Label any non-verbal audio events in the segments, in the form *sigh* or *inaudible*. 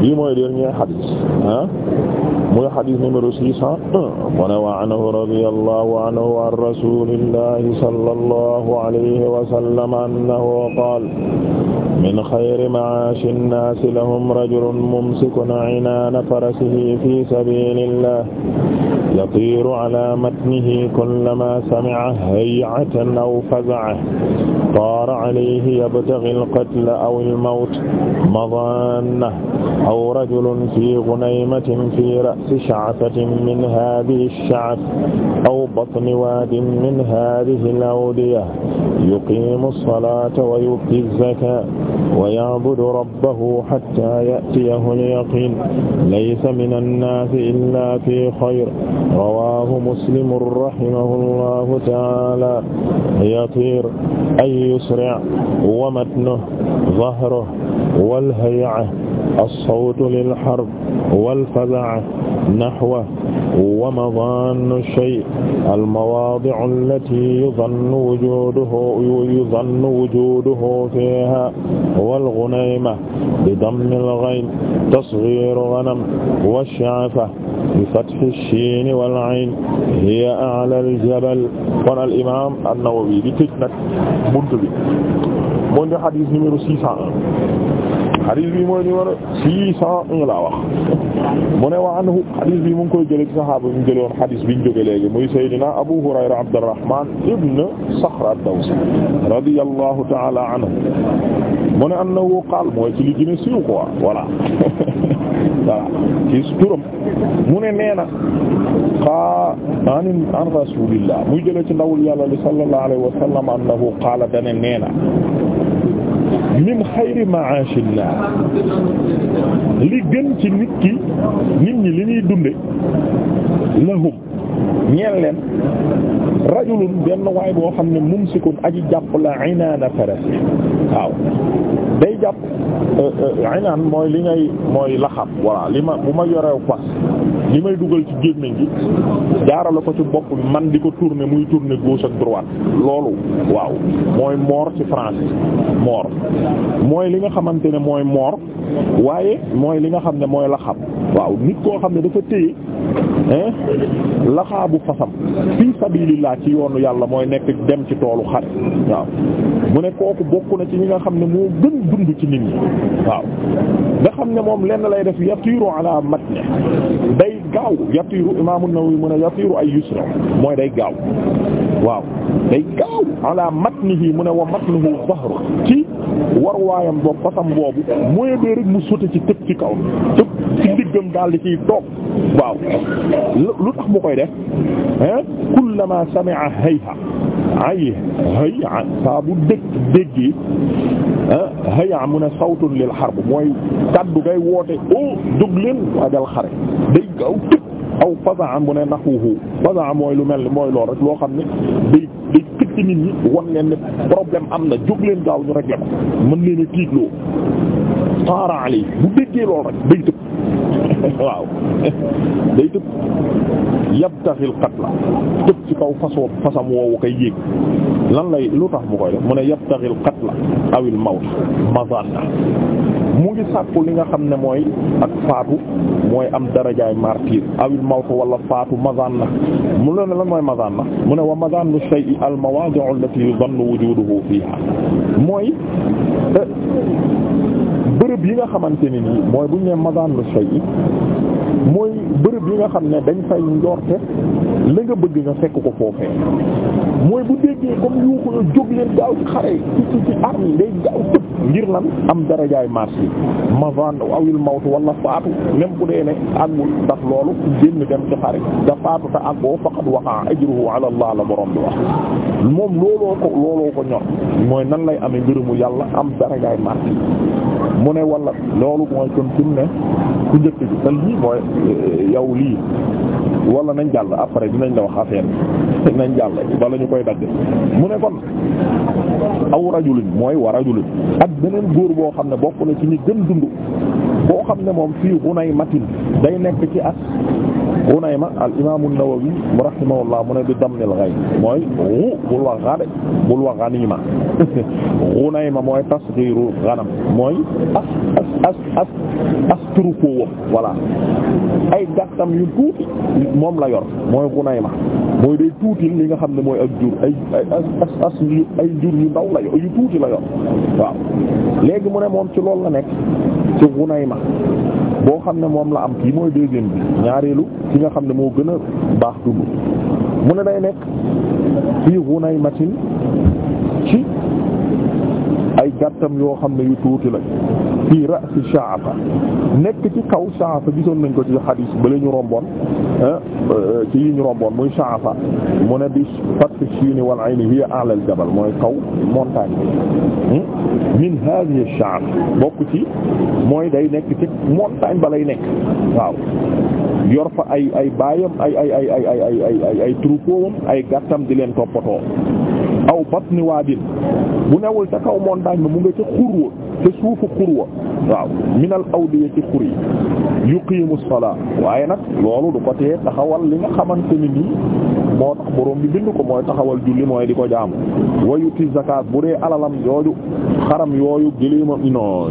lii mooy dernier xadis ah muy xadis numéro six cent un mu ne wa anhu radiyallahu anhu an rasulillahi sallallahu alayhi wa sallam annahu qaala min xayri ma'aashi nnaasi lahum rajulun mumsikun cinaana farasihi fi sabilillah yatiiru calaa matnihi kullamaa samica hay'atan aw fazaca طار عليه يبتغي القتل أو الموت مضانة أو رجل في غنيمة في رأس شعفة من هذه الشعف أو بطن واد من هذه الأودية يقيم الصلاة ويؤتي الزكاة ويعبد ربه حتى يأتيه اليقين ليس من الناس إلا في خير رواه مسلم رحمه الله تعالى يطير أي yusri' wa matnuhu dhahruhu wal hay'a as-sawtu lil harb wal faz'a nahwahu wa madaannu ash-shay'i al-mawaadi'u allatii yudhannu wujuuduhu yudhannu wujuuduhu fiihaa wal ghunaymah bi dammi al-ghayn tasghiiru ghanam wash-sha'fa bi fathi shiin wal ayn hiya a'la al jabal kon al imaam an-Nawawi di tëj nag bunt bi moo ñu xadis numéro 601 xadis bi mooy numéro 601 laa wax mu ne wa anhu xadis bi mu ngi koy jëlee ci saxaaba bi mu jëlee woon xadis bi ñu jógee léegi muy Seydina Abu Hurayra Abdurrahman ibn Saxr ad-Dawsi radiyallahu ta'ala anhu mu ne annahu qaal mooy ci li gën a siiw quoi voilà *laughs* waaw ci mu ne nee na xaa an an rasulillah muy jëlee ci ndawul yàlla li sallallahu alayhi wa sallam annahu qaala dane nee na min xayri ma'ash an li gën ci nit ki nit ñi li ñuy dunde lahum ñeel leen rajulun benn waay boo xam ne mu aji jàpp la inaana farasi waaw day jàpp euh, euh, inaan mooy li ngay mooy laxab voilà li ma bu ma yorew fas li may dugal ci gémmiñ gi jaarale ko ci bopp bi man di ko tourner muy tourner gauche ak droite loolu waaw mooy moor ci français moor mooy li nga xamante ne mooy moor waaye mooy li nga xam ne mooy laxab waaw nit koo xam ne dafa téye Eh? laxaabu fasam fii sabilillah ci yoonu yàlla mooy nekk dem ci toolu xare waaw mu ne kooku bokk na ci ñi nga xam ne moo gën dund ci nit ñi waaw nga xam ne moom lenn lay def yatiiru ala matne gaaw yatiiru imaam an-Nawawi mu ne yatiiru ay yusra mooy day gaaw waaw day gaaw ala matnihi mu ne wa matnuhu zahru ci war waayam boobu fasam boobu mooy bee rek mu sotti ci tëb ci kaw tëb ci ndiggam daal di ciy toog waaw lu tax mu koy def hein kullama sami'a hayha ay hay'a bu dégg déggi ah hayya mu ne sawtun lil harb mooy kaddu day woote oh jóg leen waajal xare day gaaw tëb aw fasaa mu ne naxuhu fasaa lu mel mooy lool rek loo xam ne ci nit ñi wan leen ne problème am na jóg leen gaaw ñu régler ko mën leen a tiitloo taara alay bu déggee lool rek day tëb *laughs* waaw *laughs* day tëb yabtaxil qatla tëb ci kaw fasoo fasam woowu koy yéeg lan lay lu tax mu koy def mu ne yabtaxil qatla awil mawt mazanna mu ngi sàkku li nga xam ne mooy ak faatu mooy am darajaay martyr awil mawtu wala faatu mazanna mu ne lan mooy mazanna mu ne wa mazannu shay'i al mawadi'u allati yuzannu wujuduhu mooy eh, bërëb yi nga xamante ne nii mooy bu ñu nee mazannu shay'i mooy bërëb yi nga xam ne dañ fay njorte la nga bëgg nga fekk ko foofee mooy bu déggee comme yu ko jóg leen gaaw ci ci ci arme day gaaw tëb ngir lan am darajaay marché yi mazan awil mawtu wala faatu même bu dee ne àggul ndax loolu génn dem ci xare da faatu te àggoo faqad waqa ajruhu ala la borom bi wax moom looloo ko looloo ko ñor mooy nan lay amee ngërëmu yàlla am darajaay marché mu ne wala loolu mooy kon fi mu ne ku njëkk bi te lii mooy eh, yow lii wala nañ jàll après dinañ la wax affaire bi *laughs* nañ jàll bala ñu koy dagg mu ne kon aw rajulin mooy wa rajulin ak beneen góor boo xam ne bokk na ci ñi gën dund boo xam ne moom fii bu nay matin day nekk ci as Ghunayma al imaam an-Nawawi rahimahullah mu ne bi dammil ghay mooy wu bul wax gade bul wax ghaniima Ghunayma *laughs* mooy tasghiru ghanam mooy as as as as as troupeau voilà ay gàttam yu tuuti moom la yor mooy Ghunayma mooy day tuuti li nga xam ne mooy ak jur ay ay as as ay jur yu ndaw la yor yu tuuti la yor waaw léegi mu ne moom ci loolu la nekk ci ma boo xam ne moom la am kii mooy deuxième bi ñaareelu ki nga xam ne moo gën a baax dund mu ne day nekk fii wunay matin ci ay gàttam yoo xam ne yu tuuti la fii ra'si sha'fa nekk ci kaw sha'fa gisoon nañ ko ci xadiis ba la ñu romboon ah, ci yi ñu romboon muy sha'fa mu ne bi fath shiin wal ay hiya a'la al jabal mooy kaw montagne hmm? min hadhihi ash bokk ci mooy day nekk ci montagne ba lay nekk waaw yor fa ay ay baayam ay ay ay ay ay ay ay ay troupeau ay gàttam di leen toppatoo aw batni waadin bu newul ca kaw montagne bi mu nga ca xurwa ca suufu xurwa waaw minal awdiya ci xur yi yuqiimu salaa waaye nag loolu du ko tee taxawal li nga xamante ni nii moo tax borom bi bind ko mooy taxawal julli mooy di ko jaamu wayuti zakat bu dee alalam yooyu xaram yooyu gëléemam non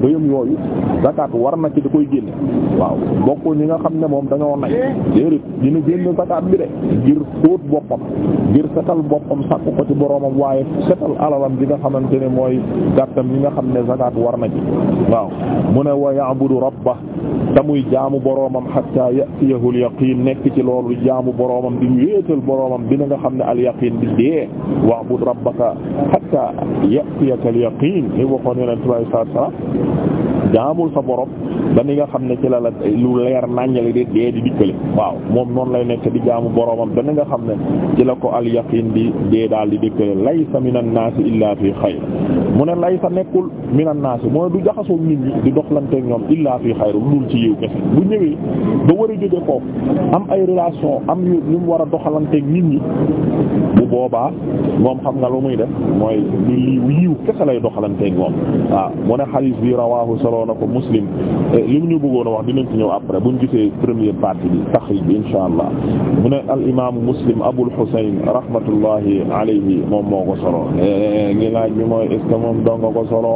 bëyam yooyu zakat war na ci da koy génne waaw bokk ñi nga xam ne moom dañoo nay déedéet dina génn zakat bi de ngir tóot boppam ngir setal boppam sàkk ko ci boromam waaye setal alalam bi nga xamante ne mooy gàttam yi nga xam ne zakat war na ci waaw mu ne wa ya'budu rabbah te muy jaamu boromam hatta ya'tiyahu al-yaqin nekk ci loolu jaamu boromam di wéetal boromam dina nga xam ne al rabbaka hatta ya'tiyaka al-yaqin li waxoon jaamul sa borom ba ni nga xam ne ci la lu leer naññale di dikkale waaw moom noonu lay nekk di jaamu boromam ba nga xam ne ci la ko al-yaqin di dee daal di dikkale laysa mina an-naasi illaa fi xayr mu ne lay sa nekkul minan naas mooy du jaxasoo nit ñi di doxlanteeg ñoom illaa fii xayru lu dul ci yiw kese bu ñëwee ba war a jóge foofu am ay relation am yu ñu war a doxalanteeg nit ñi bu boobaa moom xam nga lu muy def mooy lu yiw kese lay doxalanteeg moom waaw mu ne xadiis bi rawaahu solo na ko muslim eh, li mu ñu bëggoon wax dinañ ci ñëw après bu buñ gisee première partie bi taxrij bi insha allah mu ne al imaamu muslim abul xuseyn rahmatullahi alayhi moom moo ko solo eh, moom donga ko solo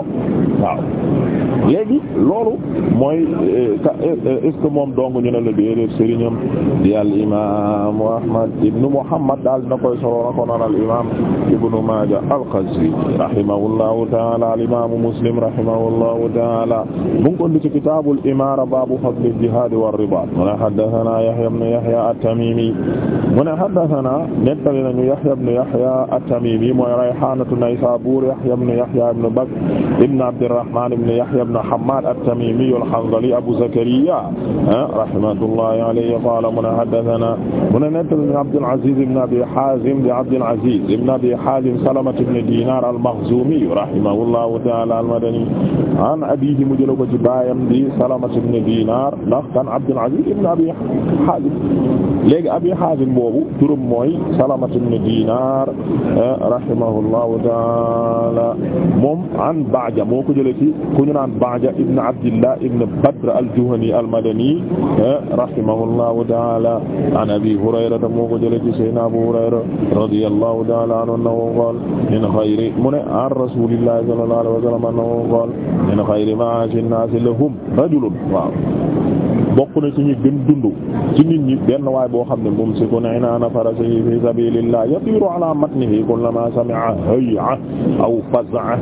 waaw léegi loolu mooy eh, est-ce que moom dong ñu ne la déedéet sëriñam di al imaamu Ahmad ibnu Muhammad daal na koy solo na ko noon al imaam ibnu Maaja al-Qazwi rahimahullahu ta'ala al imaamu Muslim rahimahullahu ta'ala mu ngi ko indi ci kitaabul imaara baabu fadlil jihaad war ribaat mu ne haddathanaa Yahya ibnu Yahya at-Tamiimi mu ne haddasanaa nettali nañu Yahya ibn Yahya at-Tamiimi mooy Rayhaanatu Naysaabuur Yahya ibn Yahya ibn Bakr ibn Abdirrahmaan ibn Yahya ibn Hammaad at-Tamiimi al-Hanzali Abu Zakariya ah, rahmatullahi alayhi qaala mu ne haddasanaa mu ne nettali nañu Abdul Aziz ibn Abi Haazim di Abdul Aziz ibn Abi Haazim Salama ibn Diinaar al-Makhzuumi rahimahullahu ta'aala al-Madani an abiihi mu jël ko ci baayam di Salama ibn Diinaar ndax kan Abdul Aziz ibn Abi Haazim léegi abi Haazim boobu turam mooy Salamatu ibn Dinar rahimahullahu taala moom an Ba'ja moo ko jëlee ci ku ñu naan Ba'ja ibn Abdillah ibn Badr al-Juhani al-Madani rahimahullahu taala an Abi Hurayrata moo ko jëlee ci Sayyidina Abu Hurayra radiyallahu taala anhu annahu qaala min xayri mu ne an rasulillahi sallallahu alayhi wa sallam annahu qaala min xayri ma'aashi nnaasi lahum rajulun waaw bokk na ci ñi gën dund ci nit ñi benn waay boo xam ne moom si ko ne inaana farasihi fi sabilillah yatiru ala matnihi kullama sami'a hay'a aw faz'a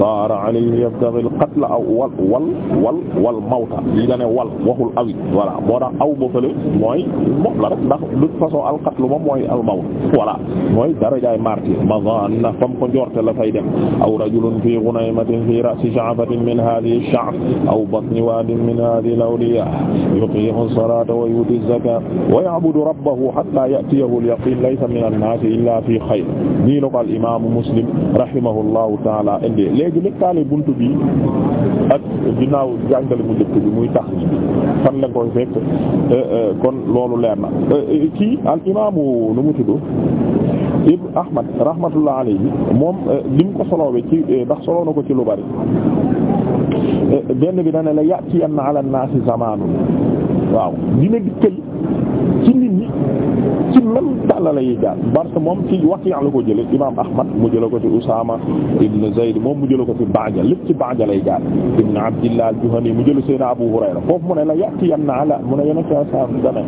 tara alayhi yabtaghi al-qatl aw wal wal wal wal mawta li da ne wal waxul awi voilà moo tax aw ba fële mooy moom la rek ndax de toute façon al-qatl moom mooy al-mawt voilà mooy darajaay martyr mazanna fam ko njorte la fay dem aw rajulun fi ghunaymatin fi ra'si sha'fatin min hadhihi ash-sha'f aw batni wadin min hadhihi al-awdiya yuqiimu salaata wa yu'ti zakaata wa ya'budu rabbahu hattaa ya'tiyahu al-yaqiin laysa mina an-naasi illaa fii xayr nii la ko al imaamu muslim rahimahullahu ta'aala indi léegi lëkkaale buntu bi ak ginnaaw jàngale mu njëkk bi muy tax fan la koy fekk eh, eh, kon loolu leer na eh, kii al imaamu nu mu tudd Ibn Ahmad rahmatullah alayhi moom lim ko soloowe ci ndax soloo na ko ci lu bari Eh, benn bi dana la ya'tiyanna ala an-naasi zamaanun waaw dina dikkal ci même talla la yi jaar parce que moom ci Waki' la ko jële imam Ahmad mu jële ko ci Usaama ibn Zayd moom mu jële ko ci Ba'ja lépp ci Ba'ja lay jaar ibn Abdillah al-Juhani mu jële seen Abu Hurayra foofu mu ne la ya'tiyanna ala mu ne yonente sa dane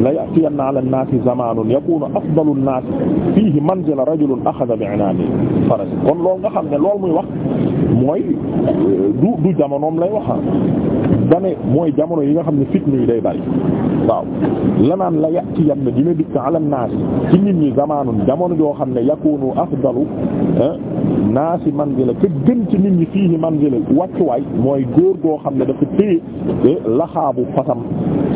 la ya'tiyanna ala an-naasi zamaanun yakunu afdalu an-naasi fiihi manzila rajulun akhadha bi'inaani farasi kon loolu nga xam ne loolu muy wax mooy du du jamonoom lay waxa dane mooy jamono yi nga xam ne fitna yi day bari waaw lanaan la yàq ci yan na dina dikk ala naas ci nit ñi zamaanun jamono joo xam ne yakunu afdalu eh, naasi manzila ke gën ci nit ñi fii manzila wàccuwaay mooy góor goo xam ne dafa téye eh, laxaabu fasam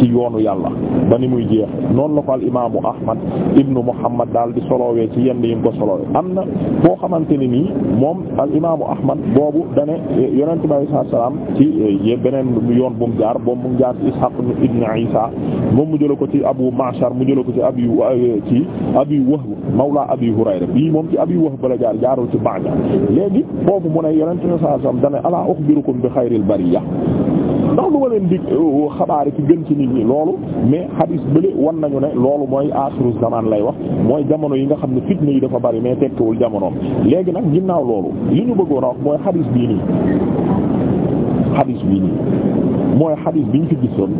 ci yoonu yàlla ba ni muy jeex noonu la ko al imaamu ahmad ibnu muhammad daal di solowee ci yenn yi mu ko solowee am na boo xamante ne nii moom al imaamu ahmad boobu dane yonente bi alayhi salaam ci eh, beneen yoon bu mu jaar boobu mu jaar ci ishaq ibnu isa moom mu jëla ko ci abu ma'shar mu jëla ko ci abi eh, ci abi wahb mawla abi hurayra bii moom ci abi wahb la jaar jaarul ci ba'da léegi foofu mu ne yonente bi alayhi salaam dane ala ukhbirukum bi xayril bariyya ndax lu ma leen di euh, xabaar ci gën ci nit ñi loolu mais xadiis bële wan nañu ne loolu mooy asiru zaman lay wax mooy jamono yi nga xam ne fitna yi dafa bari mais tekkiwul jamonoom léegi nag ginnaaw loolu li ñu bëggoon a wax mooy xadiis bii nii xadiis bii nii mooy xadiis bi ñu fi gisoon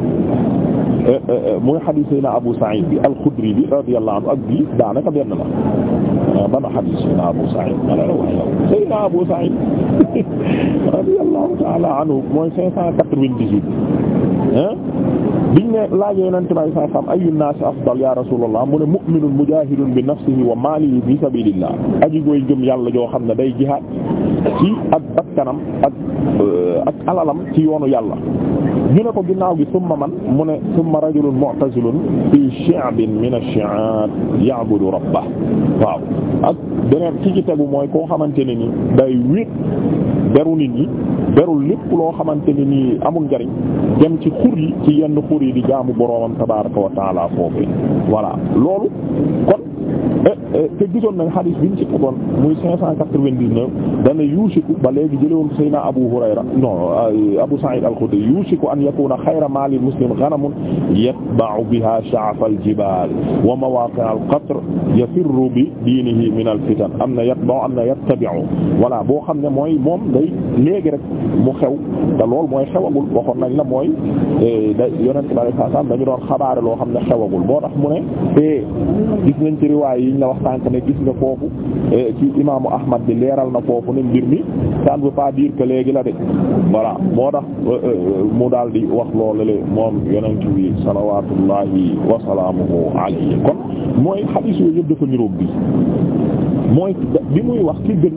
euh, euh, mooy xadiis Seydina Abu Sa'id bi al-Khudri bi radiyallahu anhu ak bii daanaka benn la ban xadis Seydina Abu Saïd ma ne la wax yow Seydina Abu Saïd radiyallahu ta'ala anhu mooy cinq cent quatre-vingt-dix-huit biñ ne laajee Yonent bi sallallahu alayhi wa sallam ayyu naasi afdal ya Rasuulallah mu ne mu'minun mujaahidun bi nafsihi wa maalihi fi sabiilillah aji gooy gëm yàlla joo xam ne day jihaad ci ak bakkanam ak euh, ak alalam ci yoonu yàlla ñu ne ko ginnaaw gi summa man mu ne summa rajulun mu'tazilun fii shi'bin min ash-shi'ab ya'budu rabbah waaw ak beneen ki ci tegu mooy koo xamante ne ni day wéet beru nit ñi berul loo xamante ne ni amul njariñ dem ci xur yi ci yenn xur yi di jaamu boroomam tabaaraka wa ta'ala foofu voilà loolu kon Eh, eh, te gisoon nañ xadiis bi ñu ci tegoon muy 599 dana yuusiku ba léegi jëlee woon Seydina Abu Hurayra non euh, Abu Sa'id al-Khudri yuusiku an yakuna xayra maali muslim ghanamun yatba'u biha sha'f al-jibaal wa mawaaqi'a al-qatr yafirru bi diinihi min al-fitan am na yatba'u am na yattabi'u voilà boo xam ne mooy moom day léegi rek mu xew te lool mooy xewagul waxoon nañ la mooy eh, da yonent bi sallallahu alayhi wasallam dañu doon xabaare loo xam ne xewagul moo tax mu ne te eh, gis nañ ci riwaay yi la wax sànk ne gis nga foofu eh, ci imaamu Ahmad bi leeral na foofu ne mbir mi ça ne pas dire que léegi la de voilà moo tax mu daal di wax loolu le moom yonent bi salawaatullahi wa salaamuhu alayhi kon mooy xadiis yooyu yëpp dafa niroog bi mooy bi muy wax ki gën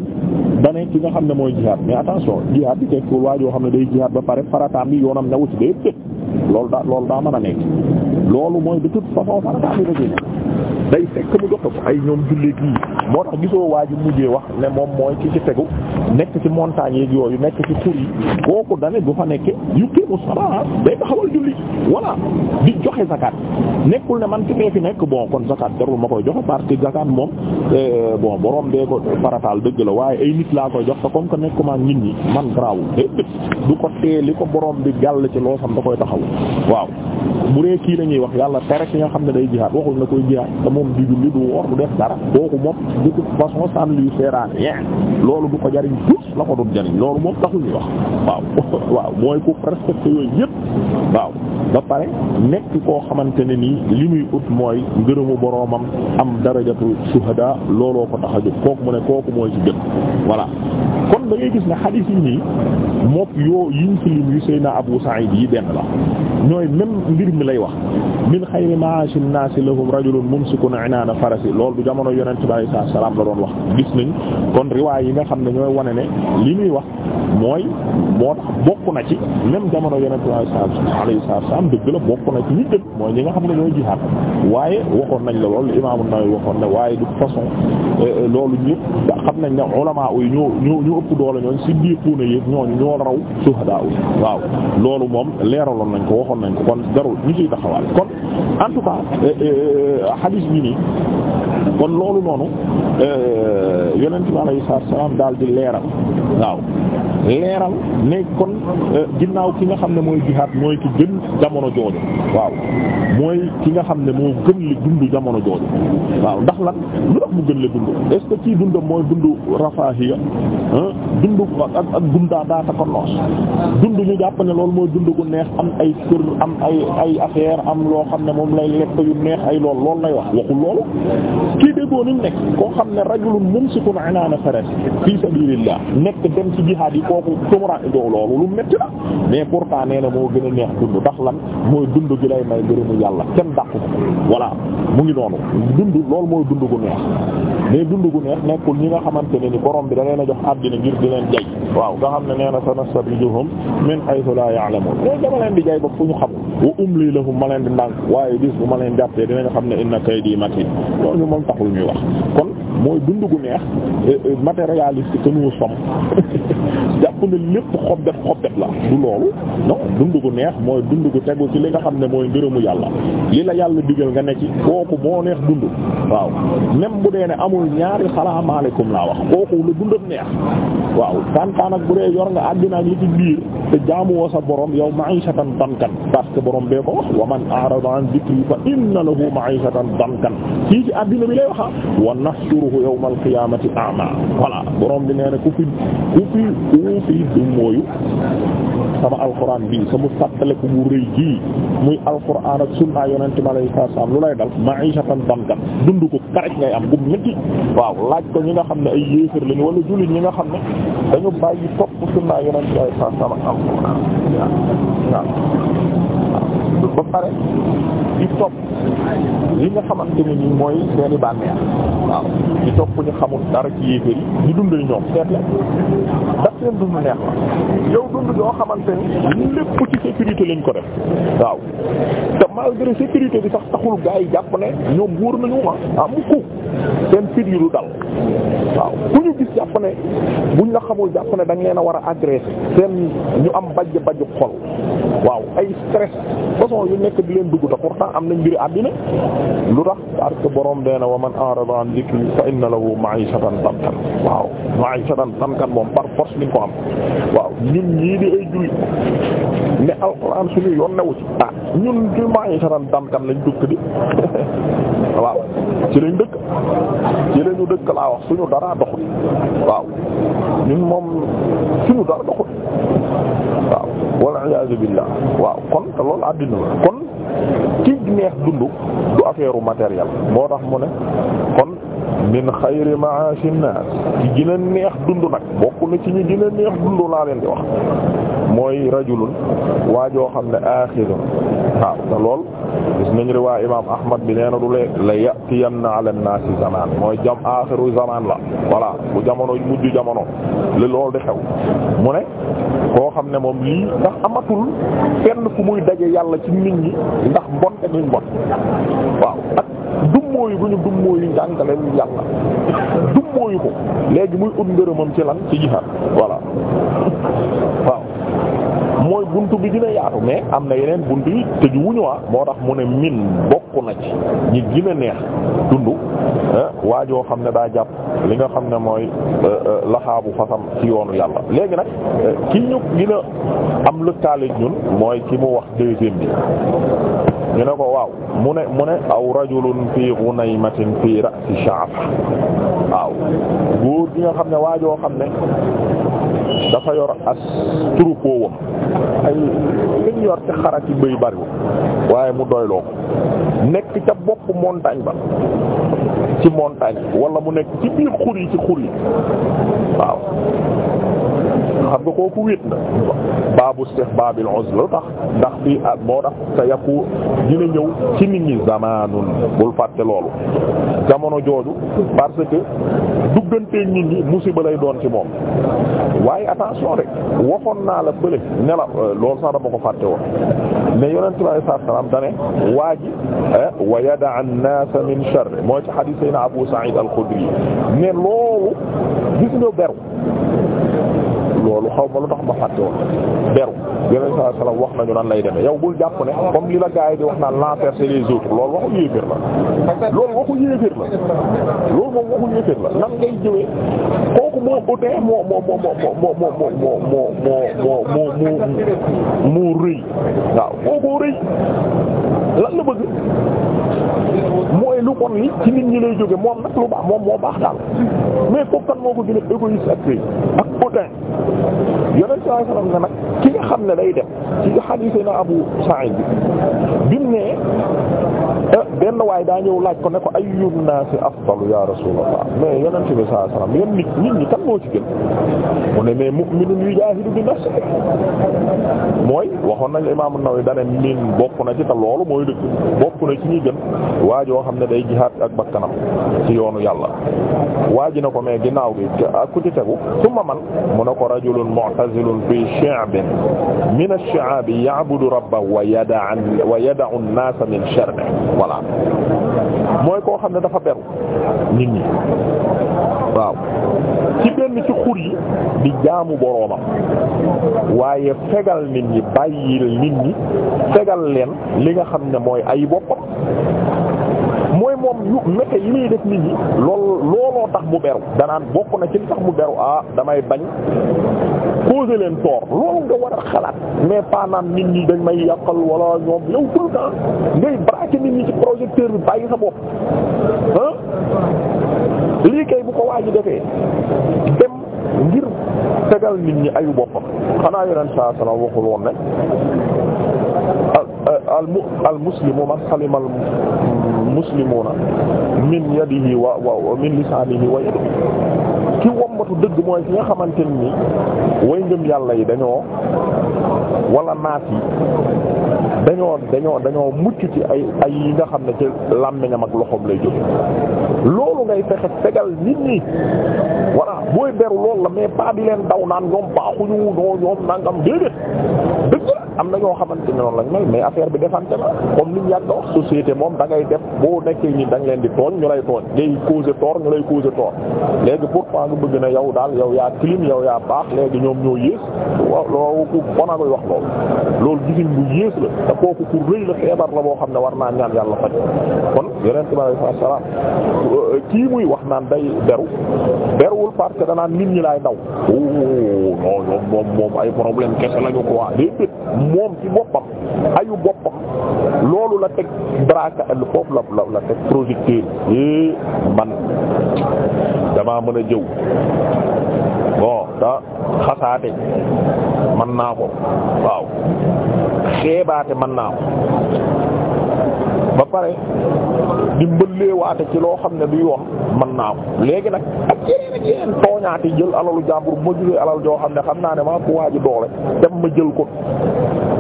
dane ki nga xam ne mooy jihaad mais attention jihaad bi tekkiwul waa joo xam ne day jihaad ba pare farataam bi yoonam newu ci day tëj loolu daa loolu daa mën a nekk loolu mooy de toute façon farataam bi da ci day fekk mu joxe ko ay ñoom jullit yi moo tax gisoo waa ji mujjee wax ne moom mooy ki ci tegu nekk ci montagne yeeg yooyu nekk ci xur yi kooku dane du fa nekke yu kéemu salaa day taxawal julli voilà di joxe zakat man ki nekk bon kon zakat jarul ma koy joxe parce que zakat moom euh, bon borom dee ko farataal dëgg la waaye ay nit laa jox te comme que nekkuma nit ñi man garaawul déedéet du ko tee li ko borom di gàll ci loo xam da koy taxaw waaw bu dee kii la wax yàlla tere ki nga xam ne day jihaad waxul na koy jihaad te moom du julli du woor du def dara kooku moom de toute façon ça ne loolu du ko jariñ tous la ko doon jariñ loolu moom taxul ñu wax waaw *laughs* waaw mooy ku respecté yooyu yëpp waaw ba pare nekk koo xamante ne nii li muy ut mooy ngërëmu boroomam am darajatu suhada looloo ko tax a jóg kooku mu ne kooku mooy ci gën voilà kon gis ne xadiis yi nii mook yoo yiñ ci lim yu Seydina Abu Sa'id yi benn la ñooy même mbir mi lay wax min xayri ma'ashi an-naasi lahum rajulun mumsikun 'inaana farasi loolu du jamono yonent bi alayhi salaatu salaam la doon wax gis nañ kon riwaay yi nga xam ne ñooy wane ne li muy wax mooy moo tax bokk na ci même jamono yonent bi alayhi salaatu salaam dëgg la bokk na ci ñi gën mooy ñi nga xam ne ñooy jihaad waaye waxoon nañ la loolu Imaam An-Nawawi waxoon ne waaye du façon euh, loolu ñëpp xam nañ ne ulama yi ñoo ëpp ëpp doole ñooñ siddiquuna yi ñooñu ñoo raw suhadaa waaw loolu moom leeraloon nañ ko waxoon nañ ko kon jarul ñu ciy taxawal kon en tout cas euh, euh, euh, hadith bi nii kon loolu noonu yonent bi alayhi salaam daal di leeral waaw leeral ne kon ginnaaw ki nga xam ne mooy jihaad mooy ki gën jamono jooju waaw mooy ki nga xam ne moo gën li dund jamono jooju waaw ndax lan lu tax mu gën la dund est-ce dundam mooy dundu rafaahiya dund ak ak dundaa daa taka loos dund ñu jàpp ne loolu mooy dund gu neex am ay kër am ay ay affaire am loo xam ne moom lay lekk yu neex ay lool loolu lay wax waxul loolu kii déggoo niñ nekk koo xam ne rajulun mumsikun inaana faras fii sabilillah nekk dem ci jihaad yi kooku tumura doo loolu lu metti la mais pourtant nee na moo gën a neex dund ndax lan mooy dundu gi lay may gërëmu yàlla kenn dàq ko voilà mu ngi noonu dund loolu mooy dund ku neex mais dund gu neex nekkul ñi nga xamante ne ni borom bi da leen a jox àddina ngir di leen jay waaw nga xam ne nee na sanastadrijuhum min haythu la ya'lamun loolu dama leen di jay ba fu ñu xam wa umli lahum ma leen di ndànk waaye bis bu ma leen jàppee dinañ xam ne inna kaydi matin loolu moom taxul ñuy wax kon mooy dund gu neex eh, eh, matérialiste que nous sommes *laughs* jàpp na lépp xobbet xobbet la du loolu non dund gu neex mooy dund gu tegu ci li nga xam ne mooy ngërëmu yàlla li la yàlla digal nga ne ci kooku boo neex dund waaw même bu dee ne amul ñaari salaamaaleykum laa wax kooku la dundam neex waaw kankaan ak bu dee yor nga àddina ak li ci biir te jaamuwoo sa borom yow ma'ishatan dankan parce que borom bee ko wax wa man a'rada an dhikri fa inna lahu ma'ishatan dankan kii ci àddina bi lay waxa wa nahshuruhu yawmal qiyaamati a'ma na ku fi ku tuuti dum mooyu sama alquran bii sama fàttaleku bu rëy gii muy alquran ak sunna yonente mi alayhi salaam lu lay dal ma'ishatan dankan dund ko karaj ngay am bu métti waaw laaj ko ñi nga xam ne ay yéefar lañu wala jullit ñi nga xam ne dañu bàyyi topp sunna yonente mi alayhi salaam ak alquran waaw ba pare di li nga xamante ne nii mooy seeni bànneex waaw di topp ñu xamul dara ci yéeféer yi di dundal ñoom seet la ndax seen dund neex la yow dund doo xamante ni lépp ci sécurité lañ ko def waaw malgré sécurité bi sax taxul gars yi jàpp ne ñoom wóor nañu ma ah mu ko seen fit yi du dal waaw ku ñu gis jàpp ne buñ la xamul jàpp ne dañ leen a war a agressé seen ñu am bajj bajj xol waaw ay stress façon yu nekk di leen dugg pour pourtant am nañ mbiri àddina lu tax parce borom dee na wa man arada an dhikri fa inna lahu ma'ishatan dankan waaw ma'ishatan dankan moom par force liñ ko am waaw ñun ñii di ay julli ne alquran suñu yoon newu ci ah ñun Aysa ran damkan lañ dëkk di *laughs* waaw ci lañ dëkk ci lañu dëkk laa wax suñu dara doxul waaw ñun moom suñu dara doxul waaw wal iyaazu billaah waaw kon te loolu àddina la kon ki neex dund du affaire matériel moo tax mu ne kon min xayri ma'ashi ci gën neex dund nag bokk na ci ñu gën a neex dund laa leen di wax mooy rajulun waajoo xam ne aaxirun waaw te lool gis nañ riwaa imaam Ahmad bi nee du lee la yatiyanna ala naasi zamaan mooy jam aaxiru zamaan la voilà bu jamono mujj jamono li lool di xew mu ne koo xam ne moom lii ndax amatul fenn fu muy daje yàlla ci nit ñi ndax mbon te nuñ mbon waaw ak dummóoyu bu ñu dummóoyu njàngale lu yàlla dummóoyu ko léegi muy ut ngërëmam ci lan ci jihaad voilà *laughs* waaw mooy buntu bi gën a yaatu mais am na yeneen buntu yi tëju wuñu waa ah. moo tax mu ne min bokk na ci ñi gën neex dundu ah, waa joo xam ne daa jàpp li nga xam ne mooy euh, euh, laxaabu fasam ci yoonu yàlla léegi nag euh, ki ñu gën a am lëkkaale ñun mooy ki mu wax deuxième bi ñu ne ko waaw mu ne mu ne aw rajulun fii ghunaymatin fii ra'si sha'fa waaw góor gi nga xam ne waajoo xam ne dafa yor as troupeau wam ay liñ yor ci xara ci bëy bariwul waaye mu doyloo ko nekk ca bopp montagne ba ci montagne wala mu nekk ci biir xur yi ci xur yi waaw xam nga kooku wéet na baabu istihbaabil uzla lu tax ndax fii moo tax sa yàqu dina ñëw ci nit ñi zamaanun bul fàtte loolu jamono jooju parce que dugganteeg nit ñi musiba lay doon ci moom waaye attention rek waxoon naa la bële ne la euh, loolu sax dama ko fàtte woon mais yonent bi alayhi salaatu salaam dane waa ji eh, wa yada'a an-naasa ci hadiis Abu Sa'id al-Khudri ne loolu gis nga beru loolu xaw ma lu tax ma fàtte woon beru yeneen saa salaam wax nañu nan lay demee yow bul jàpp ne comme li la gars yi wax naan l'enfer c'est les autres loolu waxu yéeféer la loolu waxu la loolu moom waxu yéeféer la nan ngay jëwee kooku moo autee moo moo moo moo moo moo moo moo rëy waaw kooku rëy lan la bëgg mooy lu kon li ci nit ñi lay jóge moom nag lu baax moom moo baax daal mais kooku kan moo ko gën a ak rëy ak autin yonent sallallahu alayhi wasallam ne nag ki nga xam ne day dem ci hadiisu na Abu Sa'id bi ne benn waay daa ñëw laaj ko ne ko ayyun naasi afdalu ya rasulallah mais yonent bi sallallahu alayhi wasallam yéen nit nit ñi kan moo ci gën mu ne mais mu'minun yujaahidu bi nafsi mooy waxoon nañ imaam An-Nawawi dane na ci te loolu mooy dëgg ci ñuy gën waa joo xam ne day jihaad ak bakkanam ci yoonu yàlla waa ji na ko mais ginnaaw gi ku ci tegu summa man mu ne ko rajulun mu'tazilun fi shi'bin min ash-shi'abi ya'budu rabbahu wa yada'u wa yada'u min sharrihi mooy koo xam ne dafa beru nit ñi waaw ci benn ci xur yi di jaamu boroomam waaye fegal nit ñi bàyyil nit ñi fegal leen li nga xam ne mooy ay boppam mooy moom yu yi muy def nit ñi lool looloo tax mu beru danaan bokk na ci li tax mu beru ah damay bañ causé leen tort loolu nga war xalaat mais pas nit ñi dañ may yàqal wala ñoom yow tout le ngay braquer nit ñi ci secteur bi bàyyi sa bopp lii kay bu ko waa defee dem ngir tegal nit ñi ayu boppam xanaa yoneen saa salaam waxul woon ne al al muslimu man salima al muslimuna min yadihi wa wa min lisaanihi wa ki wombatu dëgg mooy ki nga xamante ni way ngëm yàlla yi dañoo wala naas yi dañoo dañoo dañoo mucc ci ay ay yi nga xam ne ci làmmiñam ak loxoom lay jóge loolu ngay fexe fegal nit ñi voilà booy beru loolu la mais pas di leen daw naan ñoom baaxuñu ñoo ñoom nangam déedéet dëgg la am na ñoo xamante ne noonu lañ mel mais bi defante la comme liñ yàgg wax société moom da ngay def boo nekkee ñi da nga leen di tooñ ñu lay tooñ ngay causer tort ñu lay causer bëgg na yow daal yow yaa clim yow yaa baax léegi ñoom ñoo yées loolu ku kon a koy wax loolu loolu gisiñ bu yées la te kooku ku xam ne war naa ñaan yàlla faj kon yeneen bi alei euh, kii muy wax naan day beru beruwul parce que danaan nit ñi laay daw o oh, non ñoom moom moom ay problème kese lañu quoi moom ci boppam ayu boppam loolu la teg braaka foofu la la teg projecteur yi eh, man dama mën a jëw bon te xasaate man naa ko waaw xeebaate man naa ko ba pare di mbëlleewaate ci loo xam ne du yoon man naa ko léegi nag ak yeneen ak yeneen tooñaati jël alalu jàmbur bu ma jëlee alal joo xam ne xam naa ne maa ko waaju doole dem ma jël ko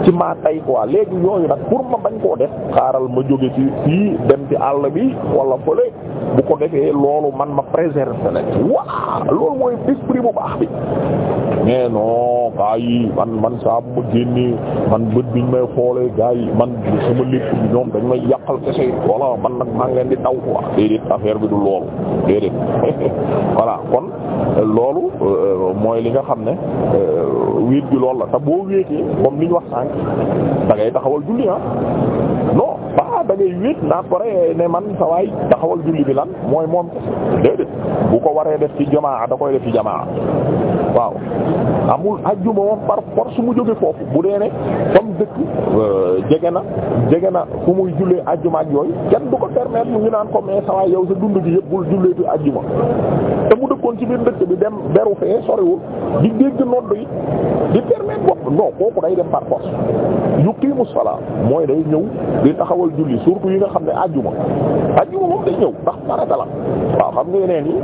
ci maa tay quoi léegi yooyu nag pour ma bañ koo def xaaral ma jóge ci fii dem ci àll bi wala fële bu ko defee loolu man ma préserver la voilà loolu mooy esprit bu baax bi mais non man man saa bu ma man bët biñ may xoolee gars man sama lépp ñoom dañ may yàqal kese maa ngi leen di daw affaire bi du loolu déedéet *laughs* voilà kon loolu euh, mooy li nga xam ne euh, wéet bi loolu la te boo wéetee wax sànq da taxawal julli ah pare eh, ne man sa taxawal julli bi lan mooy moom déedéet bu ko waree def ci jamaa da koy def ci jamaa waaw amul ajjuma moom par force mu jóge foofu bu dee ne dëkk euh, jege na jege na fu muy jullee ajjuma ak yooyu kenn du ko permettre mu ñu naan ko mais sawaay yow sa dund gi yëpp bul julleetu ajjuma te mu dëkkoon ci biir dëkk bi dem beru fee soriwul di dégg nodd yi di permettre bopp non kooku day dem par force yuqiimu salaa mooy day ñëw di taxawal julli surtout yi nga xam ne ajjuma ajjuma moom day ñëw ndax farata la waaw xam nga yeneen yi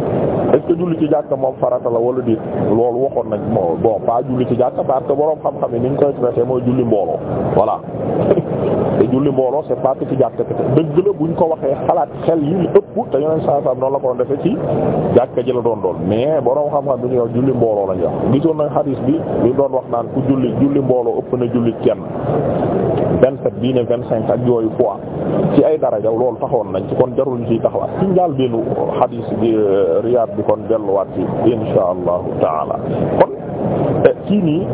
est julli ci jàkka moom farata la wala déet loolu waxoon nañ moo bon pas julli ci jàkka parce que boroom xam-xam yi ni ñu koy traité voilà te julli mbooloo c'est pas ci jàkka te dëgg la ko waxee xalaat xel yi li ëpp te yeneen saa saa ci jàkka ji la doon doon mais boroom xam-xam bi ñuy wax julli mbooloo la ñu wax gisoon nañ xadis bi li doon wax naan ku julli julli mbooloo ëpp na julli kenn. vingt bii ne vingt-cinq ak yooyu fois ci ay daraja loolu taxoon nañ ci kon jarul ñu ciy taxawaat ci njaal bennu xadiis bi euh, riyaad bi kon delluwaat ci insha allahu taala kon eh, kii nii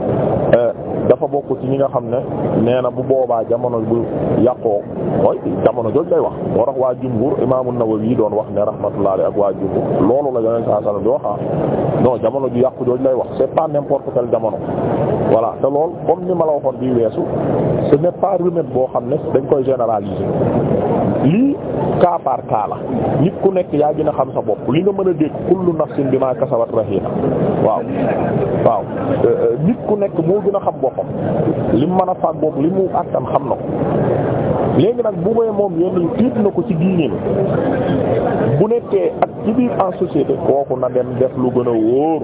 euh, dafa bokk ci ñi nga xam ne nee na bu boobaa jamono bu yàqoo mooy jamono jooju lay wax moo tax waa jumhur imaamu Nawawi doon wax ne rahmatullah ak waa jumhur loolu la yoneen saa sallam di wax ah non jamono ju yàqu jooju lay wax c'est pas n'importe quel jamono voilà te lool comme ni ma la waxoon bii weesu ce pas remède boo xam ne dañ koy généraliser lii cas par la nit ku nekk yaa gën a xam sa bopp li nga mën a dégg kullu nafsin bima kasabat rahina waaw waaw euh, euh, nit ku nekk moo xam bopp boppam li mu mën a fàgg boobu li mu àttan xam na ko léegi nag bu may moom yenn tiit na ko ci diine bu nekkee ak ci biir en société kooku na dem def lu gën a wóor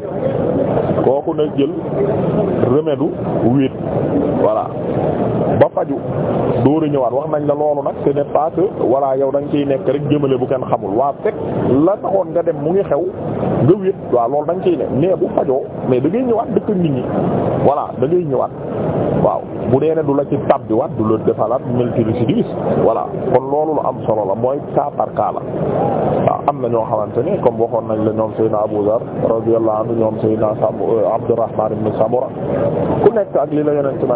kooku na jël remède wéet voilà faju dóor a ñëwaat wax nañ la loolu nag ce n'est pas que voilà yow da nga ciy nekk rek jëmale bu kenn xamul waa fekk la taxoon nga dem mu ngi xew nga wéet waaw loolu da nga ciy ne mais bu fajoo mais da ngay ñëwaat dëkk nit ñi voilà da ngay ñëwaat waaw bu dee ne du la ci tabbiwaat du la defalaat multirécidive voilà kon loolu lu am solo la mooy cas par cas la waaw am na ñoo xamante ne comme waxoon nañ la ñoom Seydina Abu Dhar radiyallahu anhu ñoom Seydina Samb Abdurrahman ibn Samura ku nekk ak li la yonent ma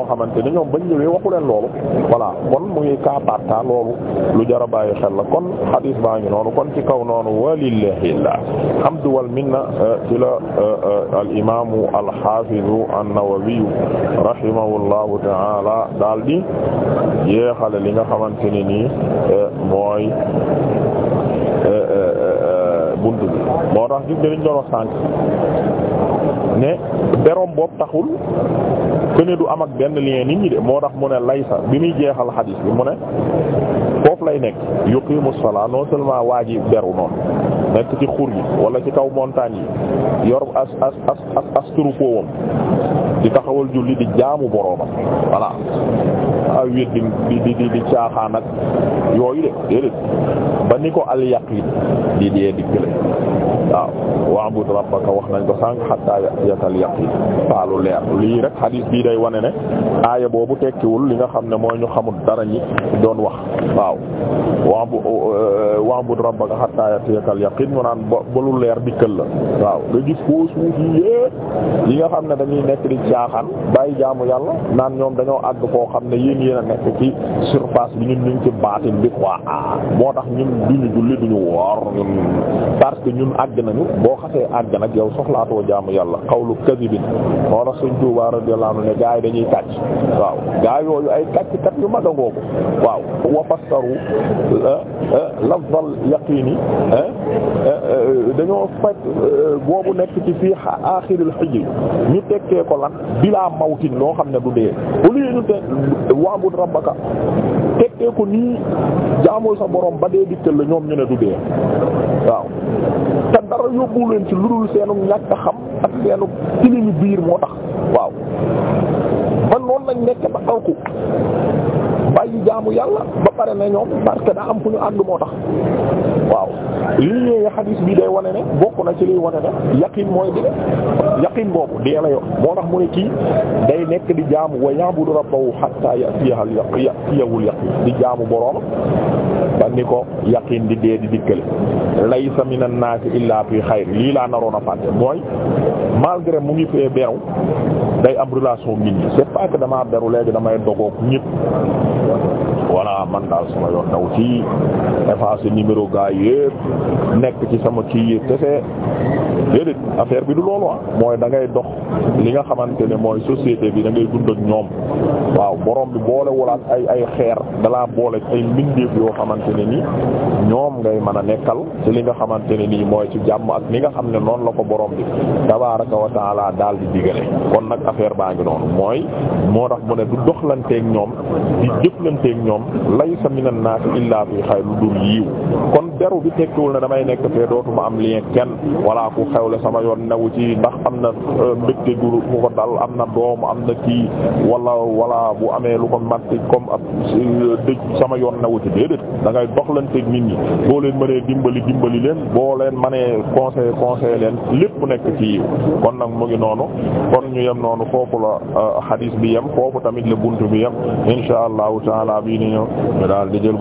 yoo xamante ne ñoom bañ ñëwee waxu leen loolu voilà kon muy cas par cas loolu lu jar a bàyyi xel la kon xadiis baa ngi noonu kon ci kaw noonu walillahi alhamdu wal minna euh, ci la euh, euh, al imaamu al xaafizu an-Nawawi ta'ala daal di jeexale li nga xamante ne nii mooy buntu moo tax gis nga liñ doon ne beroom boobu taxul këne du am ak benn lien nit ñi de moo tax mu ne laysa bi muy jeexal xadiis bi mu ne foofu lay nekk yuqimu salaa non seulement waa ji beru noonu nekk ci xur yi wala ci kaw montagne yi yor as as as as asturupoowam di taxawal julli di jaamu boroomam voilà. awit di di di di caaxaan ak yooyu de déedéet ba ni ko al yaqin di dee di kële waaw wa'bud rabbaka wax nañ ko sànq hatta ya'tiyaka al yaqin paalu leer lii rek hadis bii day wane ne aaya boobu tekkiwul li nga xam ne mooy ñu xamul dara ñi doon wax waaw wa'bud rab hatta ya'tiyaka al yaqin ñu naan ba lu leer di kël la waaw nga gis koo suuf yi yépp yi nga xam ne dañuy nekk di caaxaan bàyyi jaamu yàlla naan ñoom dañoo àgg koo xam ne yéen yéen a nekk ci surface bi ñu ngi ci baatin bi quoi duñu julli duñu woor parce que ñun àgg nañu boo xasee àgg nag yow soxlaatoo jaamu yàlla xawlu kadibin moo tax Sëriñ Tuubaa radiyallahu anhu ne gaa dañuy kàcc waaw gaa yooyu ay kàcc kat yu mag ngoogu waaw wa fastaru eh, eh, lafdal yaqini eh, dañoo fekk boobu nekk ci fii aaxiril xijri ñu tekkee ko lan bilaa mawtin loo xam ne du dee au lieu ñu te waabud rabbaka tekkee ko nii jaamul sa borom ba dee dikk la ñoom ñu ne du dee waaw te dara yóbbu leen ci lu dul seenu ñàkk xam ak seenu ñu biir moo tax waaw ba noonu lañ nekk ba alku bàyyi jaamu yàlla ba pare na ñoom parce que daa am fu ñu ànd moo tax waaw lii ñëwee xadiis bi day wane ne bokk na ci liy wane ne yaqin mooy dee yaqin boobu dee la yo moo tax mu ne kii day nekk di jaamu wa ya'budu rabbahu hatta ya'tiyahu al-yaqin di jaamu boroom ba ni ko yaqin di dee di dikkale laysa min an naas illa fi xayr lii laa naroon a fàtte mooy malgré mu ngi fee beru day am relation nit c'est pas que beru léegi damay dogoog ñëpp voilà man daal sama yoon daw ci effacer numéro gaa yépp nekk ci sama kii yépp kese déedéet affaire bi du loolu ah mooy da ngay dox li nga xamante ne mooy société bi da ngay dund ak ñoom waaw borom bi boole walaat ay ay xeer dalaa boole ay mbindeef yoo xamante ne nii ñoom ngay mën a nekkal ci li nga xamante ne nii mooy ci jàmm ak ni nga xam ne noonu la ko boroom bi tabaaraka wa taala daal di digale kon nag affaire baa ngi noonu mooy moo tax mu ne du doxlanteeg ñoom di jëflanteeg ñoom laysa minan naas illaa fi xayr lu dul yiiw beru bi tekkiwul na damay nekk fee dootuma am lien kenn walla ku xewle sama yoon newu ci ndax am na euh, mbégte gu mu ko dal am na doom am na kii wala wala bu amee lu ko matti comme ab euh, dëj sama yoon newu ci déedéet dox ngay doxlanteeg nit ñi boo leen mënee dimbali dimbali leen boo leen mënee conseil conseil leen lépp nekk ci kon nag mu ngi noonu kon ñu yem noonu foofu la xadiis euh, bi yem foofu tamit la bunt bi yem insha allahu taala bii ni ñëw ñu daal di jël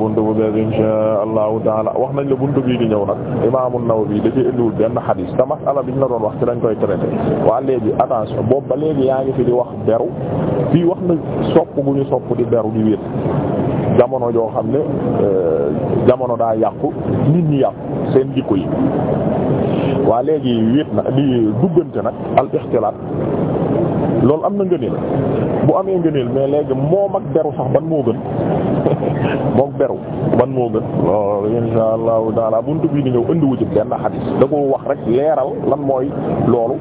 la buntu bii di ñëw nag Imaam An-Nawawi da ci indiwul benn xadis te masala biñ la doon wax ci lañ koy traité waa léegi attention boobu ba léegi yaa ngi fi di wax beru fii wax na sopp gu ñu sopp di beru di wéet jamono joo xam ne euh, jamono daa yàqu nit ñi yàqu seen jikko yi waa léegi wéet na di duggante nag al ixtilaat loolu am na ngëneel bu amee ngëneel mais léegi moom ak beru sax ban moo gën *laughs* moom beru ban moo gën loolu insha allahu taala buntu bii di ñëw andiwu ci benn xadis da koo wax rek leeral lan mooy loolu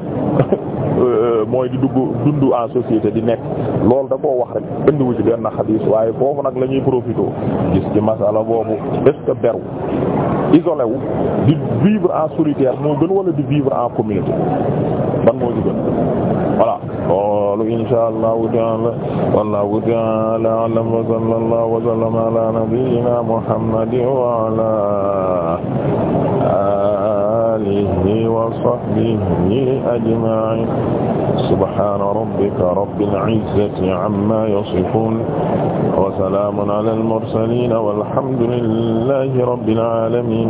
*laughs* euh, mooy di dugg dund en société di nekk loolu da koo wax rek andiwu ci benn xadis waaye foofu nag la ñuy profité gis ci masala boobu est beru isolé wu di vivre en solitaire moo gën wala di vivre en communauté ban moo ci gën voilà loolu insha allahu taala wallahu taala alam wa sallallahu wa sallama ala nabiyyina muhammadin wa ala alihi wa sahbihi ajma'in subhana rabbika rabbil izzati amma yasifun wa salamun ala al mursalin walhamdulillahi rabbil alamin